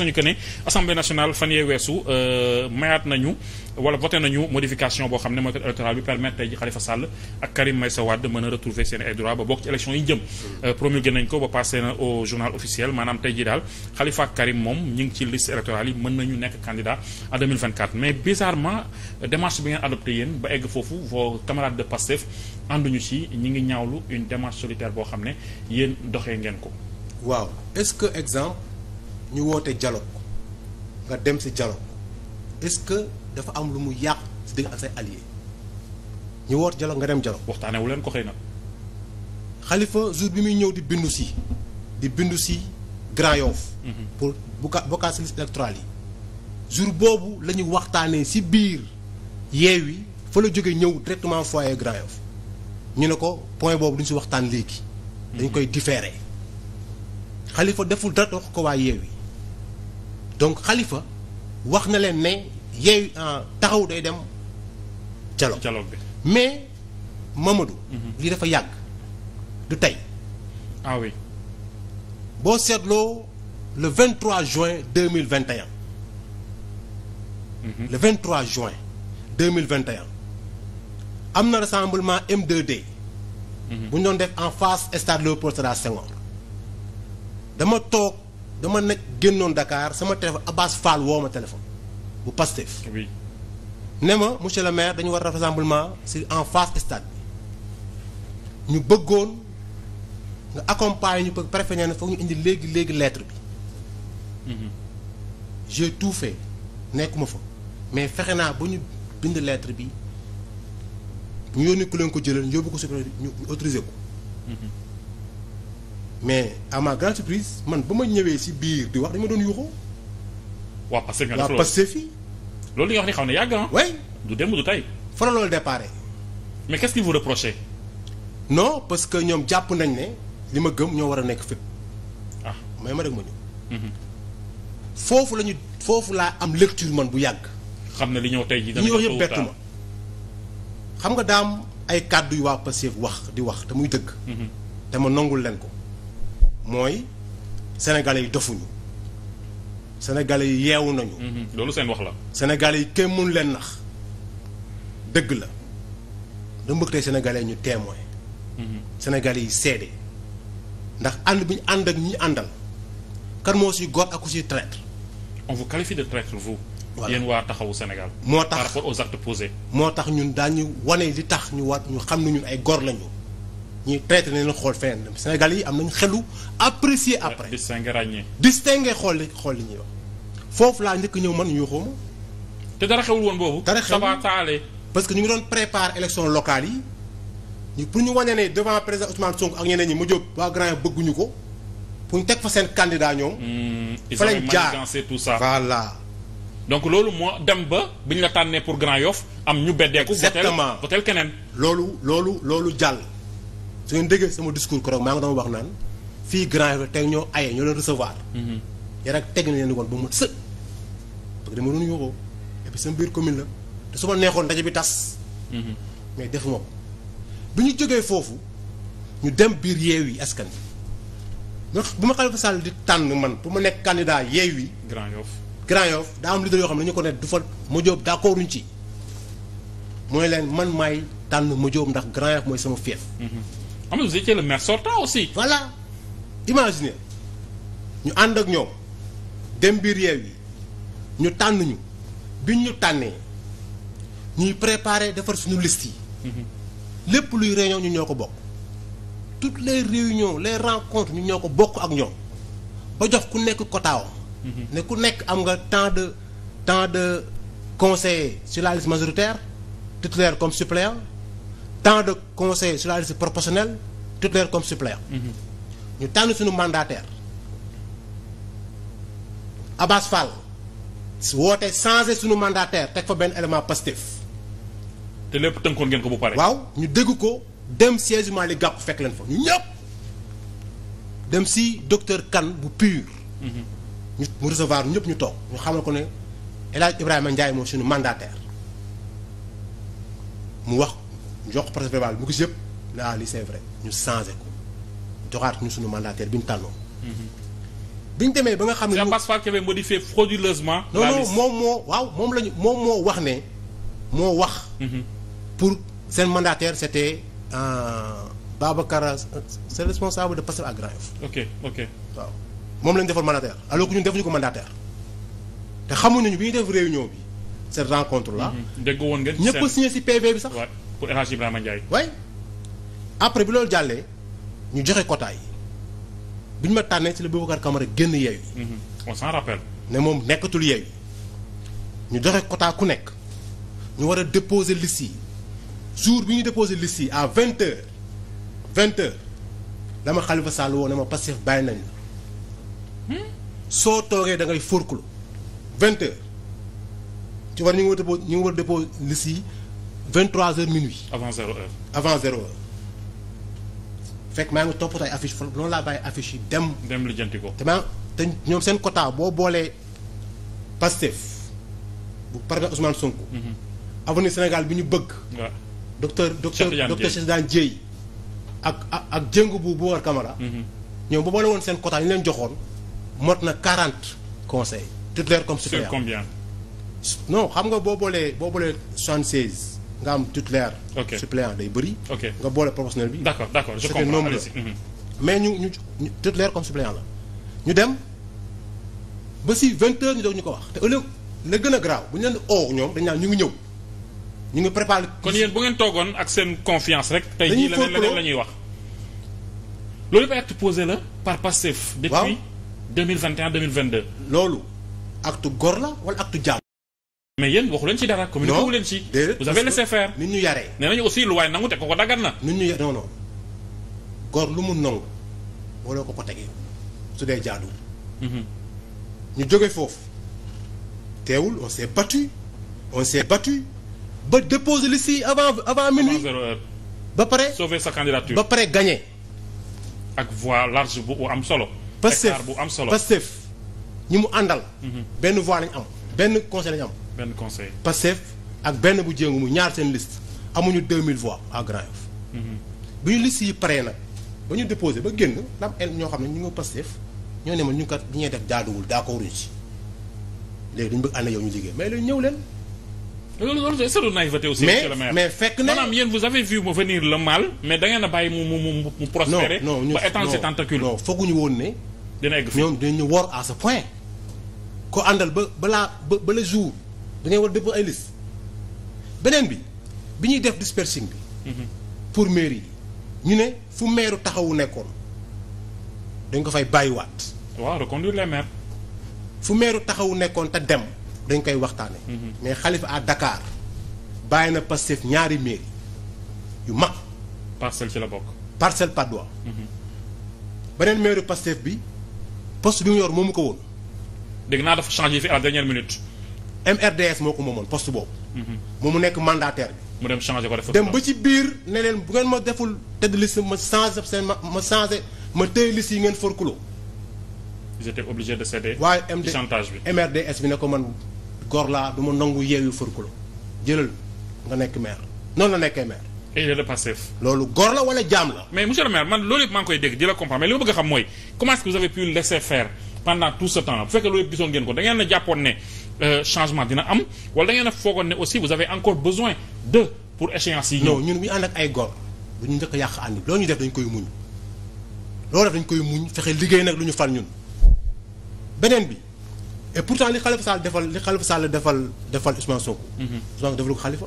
nañu que ne assemblée nationale fan yee weesu euh, mayaat nañu wala voté nañu modification boo xam ne mooy code électoral bi permettre tey ji Khalifa Sall ak Karim Meïssa Wade mën a retrouver seen yi jëm mm. euh, promulgué nañ ko ba passé na au journal officiel maanaam tey ji daal Khalifa ak Karim moom ngi ci liste électorale yi mën nañu nekk boo xam ne yéen doxee ngeen ko ñu woote dialogue nga dem ci dialogue est-ce que dafa am lu mu yàq ci digg ak say alliés ñu woote dialogue nga dem dialogue. waxtaanewu leen ko xëy na. xalifa jour bi muy ñëw di bindu si di bindu si Grand Yoff mhm. pour buka bokkaat si liste yi jour boobu la waxtaanee si biir Yewwi fa la jógee ñëw directement foyer Grand Yoff ñu ne ko point boobu du ñu si waxtaan léegi dañ mhm. koy différer xalifa deful dara wax ko waa Yewwi donc xalifa wax na leen ne yeeyu taxaw day dem dialogue dialogue bi mais Mamadou mhm. li dafa yàgg du tey ah boo seetloo le 23 juin 2021 mhm. le 23 juin 2021 am na rassemblement M2D mhm. bu ñu doon def en face stade Léopold Sédar Senghor dama toog dama nekk génnoon Dakar sama téléphone Abbas Fall woo ma téléphone bu Pastef. oui ne ma monsieur le maire dañu war a rassemblement en face stade bi ñu bëggoon nga accompagner ñu préfet nee na foog ñu indi léegi léegi leetre bi. Mhm. j'ai tout fait nekkuma fa mais fexe naa ba ñu bind leetre bi ñu yónni ku leen ko jëlal ñu yóbbu ko supérieur ñu autorisé ko. Mhm. mais à ma surprise man ba ma ñëwee si biir di wax dañu ma doon yuuxoo. waa Pastef nga def loolu waa fii. loolu li nga wax ni xaw na yàgg ah. oui du démb tey. fa la loolu départ. mais qu'est-ce vous reprochez. non parce que ñoom jàpp nañ ne li ma gëm ñoo war a nekk fépp. ah may ma rek ma ñëw. Mhm. foofu la ñu foofu laa am lecture man bu yàgg. xam na li ñëw tey jii dama yëpp bett ma xam nga daam ay kàddu yu waa Pastef wax di wax te muy dëgg. Mhm. te ma nongul leen ko. mooy sénégalais yi dofuñu sénégalais yi yeewu nañu. Mhm. loolu seen wax la. sénégalais yi kenn mënu leen nax dëgg la dama bëgg tey ñu témoin. Mhm. sénégalais yi seede ndax ànd bi ñu ànd ak ñi àndal kan moo si góor ak ku si traître. on vous qualifie de traître vous. voilà waa taxawu Sénégal. moo tax par rapport aux moo tax ñun daañu wane li tax ñu war ñu xam ne ay góor lañu. ñu traité nañ la xool feneen Sénégal yi am nañ xelu apprécier après. distingué ràññee. distingué xool li xool li ñuy wax foofu laa njëkk ñëw man ñu xaw ma. te dara xewul woon boobu. dara xewul parce que ñu ngi doon préparer élection locale yi ñu pour ñu wane ne devant président Ousmane Sonko ak ñeneen ñi mu jóg waa grand bëgguñu ko pour ñu teg fa seen candidat ñoom. Hmm, fa lañ jaar tout ça voilà. donc loolu moo dem ba bi ñu la tànnee pour Grand Yoff am ñu beddeeku. exactement votel votel keneen. loolu loolu loolu jàll. su ngeen déggee sama discours keroog maa ngi doon wax naan fii grand yëpp tey ñoo aye ñoo leen recevoir. Mhm. yéen ak teg na leen woon ba mu së. parce que dama doon yóbboo et sama biir commune la te su ma neexoon ndaje bi tas. Mhm. mais defuma ko bi ñu jógee foofu ñu dem biir yi Askan Wi bu ma Khalifa Sall di tànn man pour ma nekk candidat Yewwi. yi Yoff Grand Yoff daa am leader yoo xam ne ñu ko ne du fa ma jóob d'accord uñ ci mooy leen man may tànn ma jóob ndax Grand mooy sama fief. Mhm. am na vous étiez le aussi. voilà imaginez ñu ànd ak ñoom dem biir yeew yi ñu tànn ñu biñ ñu tànnee ñuy préparer defar suñu liste yi. Mhm. lépp luy réunion ñu ñoo ko bokk. toutes les réunions les rencontres ñu ñoo ko bokk ak ñoom ba jox ku nekk kotaawam. Mhm. ne ku nekk am nga temps de temps de conseillers sur la liste majoritaire titulaire comme suppléant temps de conseillers sur la liste proportionnelle titulaire comme suppléant mhm. ñu tànn sunu mandataire Abass Fall woote changé suñu mandataire teg fa benn élément positif te lépp tënkoon ngeen ko bu pare waaw ñu dégg ko dem siège li gàpp fekk leen fa ñu ñëpp dem si docteur Kane bu pur mhm. ñu mu recevoir ñëpp ñu toog ñu xamal ko ne El Hadj Ibrahima Ndiaye moo suñu mandataire mu wax ñu jox procès verbal mu gis yëpp ne ah lii c'est vrai ñu changé ko joxaat ñu suñu mandataire bi ñu tànnoon. Mm-hmm. bi ñu demee ba nga xam ne. Jean Pascal Kébé modifié frauduleusement. non non moom moo waaw moom lañu moom moo wax ne moo wax. Mm-hmm. pour seen mandataire c'était euh, Babacar c'est responsable de Pastef à Grand Yoff. ok waaw moom lañu defoon mandataire alors que ñun defuñu ko mandataire te xamuñu ne bi ñuy def réunion bi. cette rencontre la mm-hmm. dégg woon nga ñëpp signé ci bi sax. pour El Hadj Ibrahima Ndiaye. oui après bi loolu jàllee ñu joxe quota yi bi ñu ma tànnee ci la Boubacar Camara génn Yewwi. Mm-hmm. on s'en ne moom nekkatul Yewwi ñu joxe quota ku nekk ñu war a déposé liste yi jour bi ñu déposé liste yi à vingt heures vingt heures la ma Khalifa Sall woo ne ma Pastef bàyyi nañ la hmm? soo toogee da ngay forklu vingt heures ci war ñu ngi war a déposer ñu ngi war a déposer yi. 23 heures minuit. avant zéro heure. avant zéro fekk maa ngi topp ay affiche foofu noonu laa bàyyi affiche yi dem. dem lijjanti te maa te ñoom seen quota boo boolee Pastef bu président Ousmane Sonko. Mhm. avenir Sénégal bi ñu bëgg. waaw docteur docteur docteur Cheikh Tidiane ak ak ak jëng bu bu war Camara. Mhm. ñoom bu boole woon seen quota ñu leen joxoon mot na 40 conseil titulaire comme suppléant no xam nga boo boolee boo boolee 76. nga am titulaire. ok suppléant day bëri. nga boole proportionnel bi. d'accord d'accord je comprends nombre mhm. mais ñu ñu titulaire comme suppléant la ñu dem ba si vingt heures ñu ñu ko wax te ëllëg la gën a graaw bu ñu leen di oo ñoom dañ naan ñu ngi ñëw ñu ngi préparé. kon yéen bu ngeen toogoon ak seen confiance rek. tey jii leneen leneen la ñuy wax. loolu yëpp acte posé la par Pastef. waaw depuis mille vingt et un mille vingt deux. loolu actu gor la wala acte jaam. mais yéen waxu leen ci dara. communiqué wu leen ci. vous avez laissé faire. nit ñu yaree. nee nañu aussi lu waaye nangu teg ko ko daggan na. nit ñu yaree non non góor lu mu nangu wala ko ko tegee su dee jaaduwul. Mhm. ñu jóge foofu teewul on s'est battu on s'est battu ba déposer li si avant avant minuit. ba pare sauver sa candidature ba pare gagné. ak voix large bu am solo. Pastef bu am solo Pastef ñi mu àndal. Mhm. benn voix lañ am benn conseil lañ am. benn conseil Pastef ak benn bu jéngu mu ñaar seen liste amuñu 2000 voix à Grand Yoff. Mhm. bu ñu liste yi paree nag ba ñu déposé ba génn daam am ñoo xam ne ñu ngi Pastef ñoo ne ma ñu kat ñuy def jaaduwul d'accord ci léegi dañu bëgg ànd yow ñu liggéey mais léegi ñëw leen. loolu loolu c'est de naïveté mais mais fekk na maanaam yéen vous avez vu venir le mal. mais da ngeen a bàyyi mu mu mu mu prospérer. non non ba étendre ses tentacules. fooguñu woon ne. dina egg fi ñoom dinañu wor à ce point. ko àndal ba balaa ba ba le jour. da ngay war dépôt ay beneen bi bi ñuy def dispersing bi. Mhm. pour mairie yi ñu ne fu maire taxawu nekkoon dañ ko fay bàyyiwaat. waaw reconduire les maires. fu maire taxawu nekkoon te dem dañ koy waxtaane mhm. mais xalifa à dakaar bàyyi na Pastef ñaari mairie yu mag. parcelle ci la bokk. parcelle Patte d'Oie. Mhm. beneen maire Pastef bi poste bi mu yor moomu ko woon. dégg naa dafa changé fi à la dernière minute. MRDS moo ko moomoon poste boobu. moom mu nekk mandataire bi. mu dem changé ko def dem ba ci biir ne leen bu ngeen ma deful tëdd liste ma changé seen ma ma changé ma téye liste yi ngeen forkuloo. ils étaient obligés de céder. waaye MD chantage bi MRDS bi ne ko man góor laa du ma nangu yeewu forkuloo jëlal nga nekk maire noonu la nekkee maire. et il est de passif. loolu góor la wala jaam la. mais monsieur le maire man loolu yëpp maa koy dégg di la comprendre mais li ma bëgg a xam mooy comment que vous avez pu laisser faire pendant tout ce Euh, changement dina am wala da ngeen a ne aussi vous avez encore besoin de pour échéance yi. non ñun bu ñu ànd ak ay góor bu ñu njëkk a yàq ànd loolu ñu def dañ koy muñ loolu def dañ koy muñ fexe liggéey nag lu ñu fal ñun beneen bi et pourtant li Khalifa Sall defal li Khalifa Sall defal defal Ousmane Sonko. Mhm. Ousmane defal ko Khalifa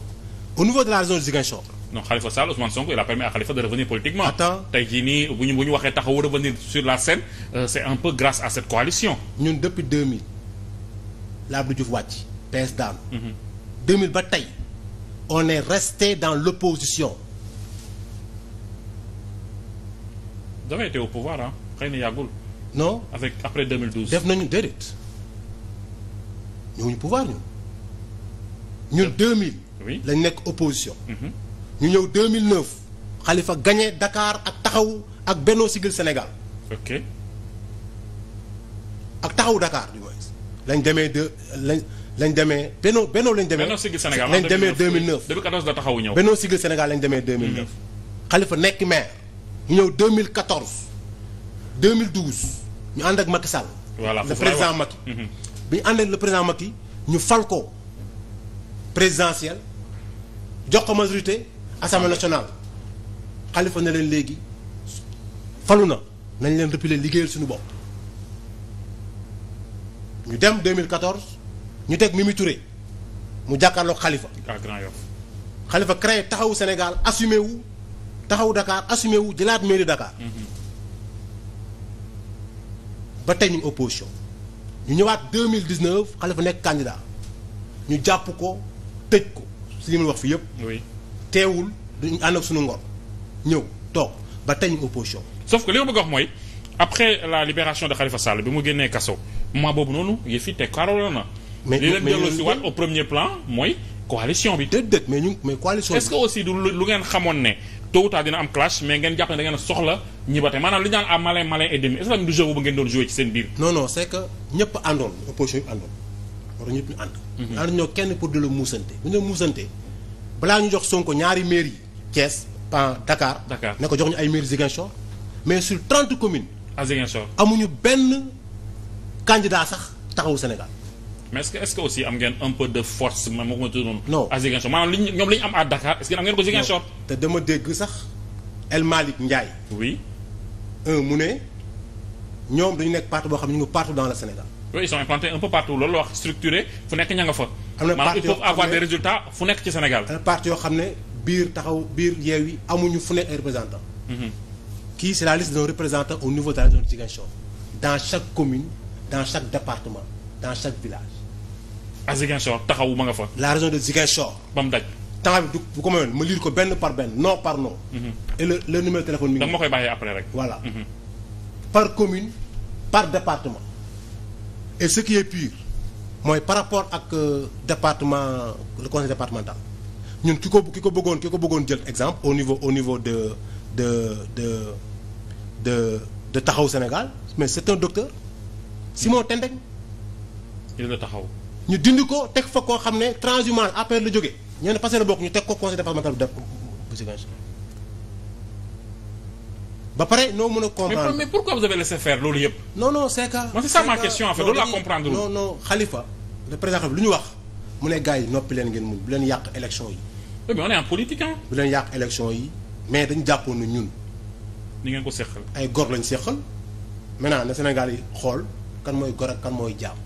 au niveau de la région de Ziguinchor. non Khalifa Sall Ousmane Sonko il a permis à Khalifa de revenir politiquement. attends tey jii nii ñu waxee taxawu revenir sur la scène euh, c'est un peu à cette coalition. ñun depuis 2000. la Abdou Diouf wàcc PS daanu. 2000 mhm. ba tey on est resté dans l'opposition. vous avez été au pouvoir ah xëy na yàggul. non avec après def nañu déedéet ñëwuñu pouvoir ñun ñun 2000. oui lañ nekk opposition. Mhm. ñu ñëw 2009 Khalifa gagné Dakar ak taxaw ak Benno Siggil Sénégal. ak taxaw dakaar lañ demee de lañ lañ demee Benno Benno lañ demee. Benno Siggil Sénégal lañ demee 2009 2014 da taxawu ñëw. Benno Siggil Sénégal lañ demee 2009. Mm-hmm. Khalifa nekk maire. ñu ñëw 2014 2012 ñu ànd ak Macky Sall. voilà le président mm-hmm. bi ñu ànd ak le ñu fal ko présidentiel jox ko majorité assemblée nationale Khalifa ne leen léegi falu na nañ leen repiler liggéeyal suñu bopp. ñu dem 2014 ñu teg mimiture mu jàkkaarloog xalifa à Grand Yoff. Khalifa créé taxawu Sénégal assumé wu taxawu Dakar assumé wu jëlaat mairie Dakar. Mm-hmm. ba tey ñu ngi opposition. ñu ñëwaat 2019 Khalifa nekk candidat ñu jàpp ko tëj ko si li mu wax fii yëpp. oui teewul duñ ànd ak sunu ngor ñëw toog ba tey ñu ngi opposition. sauf que li ma bëgg wax mooy après la libération de xalifa Sall bi mu génnee kaso. maa boobu noonu yëf yi teg kaaroo na. mais li bi. déedéet mais ñu mais lu ngeen xamoon ne ne da ngeen soxla ñi ba tey maanaam li ñu naan à malin malin et demi ànd. Mhm. ànd ñoo kenn pour di la muusante bu ñu la muusante balaa ñu jox Sonko ñaari maires yi Thiès pan Dakar. Dakar ne ko jox ñu ay maires Ziguinchor mais sur 30 communes. à Ziguinchor amuñu benn. candidat sax taxawu Sénégal. mais est-ce que est am ngeen un peu de force ma ko ma tudd noonu. non Ziguinchor maanaam li ñoom li ñu am à dégg sax El Malick Ndiaye. oui. mu ne ñoom dañu nekk parti boo xam ne ñu ngi partout dans le Sénégal. oui ils sont implantés fu nekk ña nga fa. am na parti yoo xam ne il faut avoir am na parti yoo xam ne biir taxaw biir yeew yi amuñu fu nekk ay représentants. Mhm. kii c'est la liste au niveau de Ziguinchor dans chaque commune. dans chaque département dans chaque village. à Ziguinchor taxawu ma nga fa. la région de Ziguinchor. ba mu daj. temps bi du bu ko mayoon ma lire ko benn par benn non par non. Mhm. et le le numéro téléphone mi ngi. da koy bàyyee après rek. voilà mhm. par commune par département. et ce qui est pire mooy par rapport ak euh, département le conseil départemental ñun ki ko ki ko bëggoon ki ko bëggoon jël exemple au niveau au niveau de de de de taxaw Sénégal mais c'est un docteur. Simon Tendeng. il nga taxaw. ñu dindi ko teg fa koo xam ne transhumance après la jóge ñoo ne passé la bokk ñu teg ko conseil départemental bu Ziguinchor ba pare noo mën a comprendre mais pourquoi vous avez laissé faire loolu yëpp. non non c'est que. c'est ça ma loolu laa comprendre lu ñu wax mu ne gars yi noppi leen ngeen mun bu leen yàq élection yi. oui mais on est en politique bu leen yàq élection yi mais dañu jàppoon ne ñun. ni ngeen ko seqal. ay gor lañ seqal maintenant na Sénégal yi xool. kan mooy gor kan mooy jaam